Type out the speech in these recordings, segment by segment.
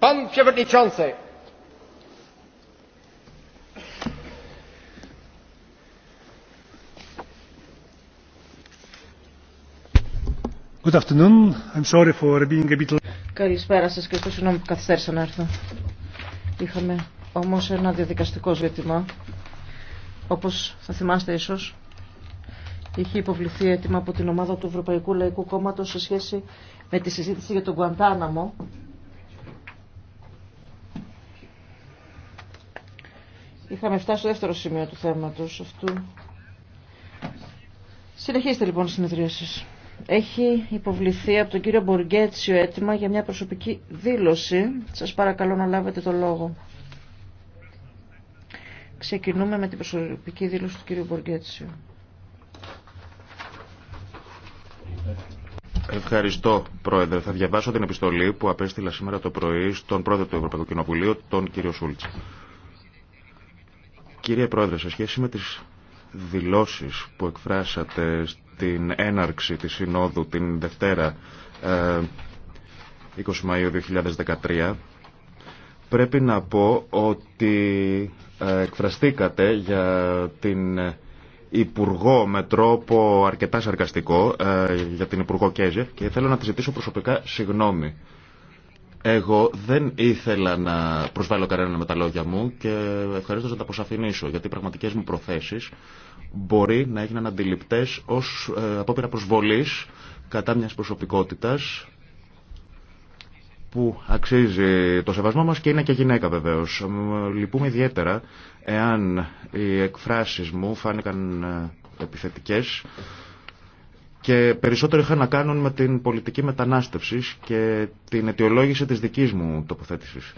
Pan Przewodniczący! Good afternoon. I'm sorry for being a bit... Καλησπέρα σας και ευχαριστώ συγγνώμη που καθυστέρησα να έρθω. Είχαμε όμως ένα διαδικαστικό ζήτημα. Όπως θα θυμάστε ίσως, είχε υποβληθεί έτοιμα από την ομάδα του Ευρωπαϊκού Λαϊκού Κόμματος σε σχέση με τη συζήτηση για τον Γκουαντάναμο Είχαμε φτάσει στο δεύτερο σημείο του θέματος αυτού. Συνεχίστε λοιπόν στις συνεδρίασεις. Έχει υποβληθεί από τον κύριο Μποργκέτσιο έτοιμα για μια προσωπική δήλωση. Σας παρακαλώ να λάβετε το λόγο. Ξεκινούμε με την προσωπική δήλωση του κύριου Μποργέτσιο. Ευχαριστώ, Πρόεδρε. Θα διαβάσω την επιστολή που απέστειλα σήμερα το πρωί στον πρόεδρο του Ευρωπαϊκού Κοινοβουλίου, τον κύριο Σούλτς. Κύριε Πρόεδρε, σε σχέση με τις δηλώσεις που εκφράσατε στην έναρξη της Συνόδου την Δευτέρα 20 ε, Μαΐου 2013, πρέπει να πω ότι ε, εκφραστήκατε για την Υπουργό με τρόπο αρκετά σαρκαστικό, ε, για την Υπουργό Κέζεφ και θέλω να τη ζητήσω προσωπικά συγγνώμη εγώ δεν ήθελα να προσβάλλω κανέναν με τα λόγια μου και ευχαρίστω να τα αποσαφηνίσω, γιατί οι πραγματικέ μου προθέσει μπορεί να έγιναν αντιληπτέ ω ε, απόπειρα προσβολή κατά μια προσωπικότητα που αξίζει το σεβασμό μας και είναι και γυναίκα βεβαίω. Λυπούμε ιδιαίτερα εάν οι εκφράσεις μου φάνηκαν ε, επιθετικές και περισσότερο είχαν να κάνουν με την πολιτική μετανάστευση και την αιτιολόγηση της δικής μου τοποθέτησης.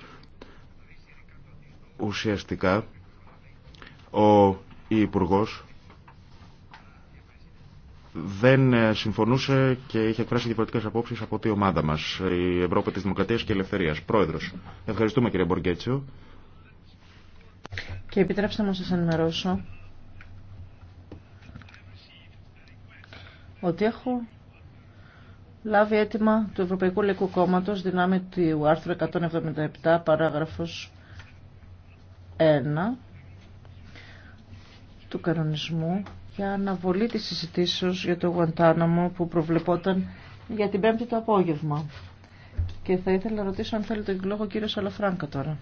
Ουσιαστικά, ο υπουργό δεν συμφωνούσε και είχε εκφράσει διαφορετικές απόψεις από τη ομάδα μας, η Ευρώπη της Δημοκρατίας και Ελευθερίας. Πρόεδρος, ευχαριστούμε κύριε Μποργκέτσιο. Και επιτρέψτε μου να σας ενημερώσω ότι έχω λάβει αίτημα του Ευρωπαϊκού Λαϊκού Κόμματο δυνάμει του άρθρου 177 παράγραφος 1 του κανονισμού για αναβολή τη συζητήσεω για το Γουαντάναμο που προβλεπόταν για την πέμπτη το απόγευμα. Και θα ήθελα να ρωτήσω αν θέλει τον λόγο ο κύριο τώρα.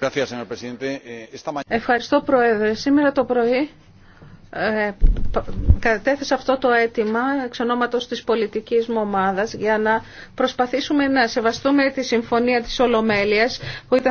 Eh, Ευχαριστώ Πρόεδρε. Σήμερα το πρωί ε, κατέθεσα αυτό το αίτημα εξ ονόματος της πολιτικής μου ομάδας για να προσπαθήσουμε να σεβαστούμε τη συμφωνία της Ολομέλειας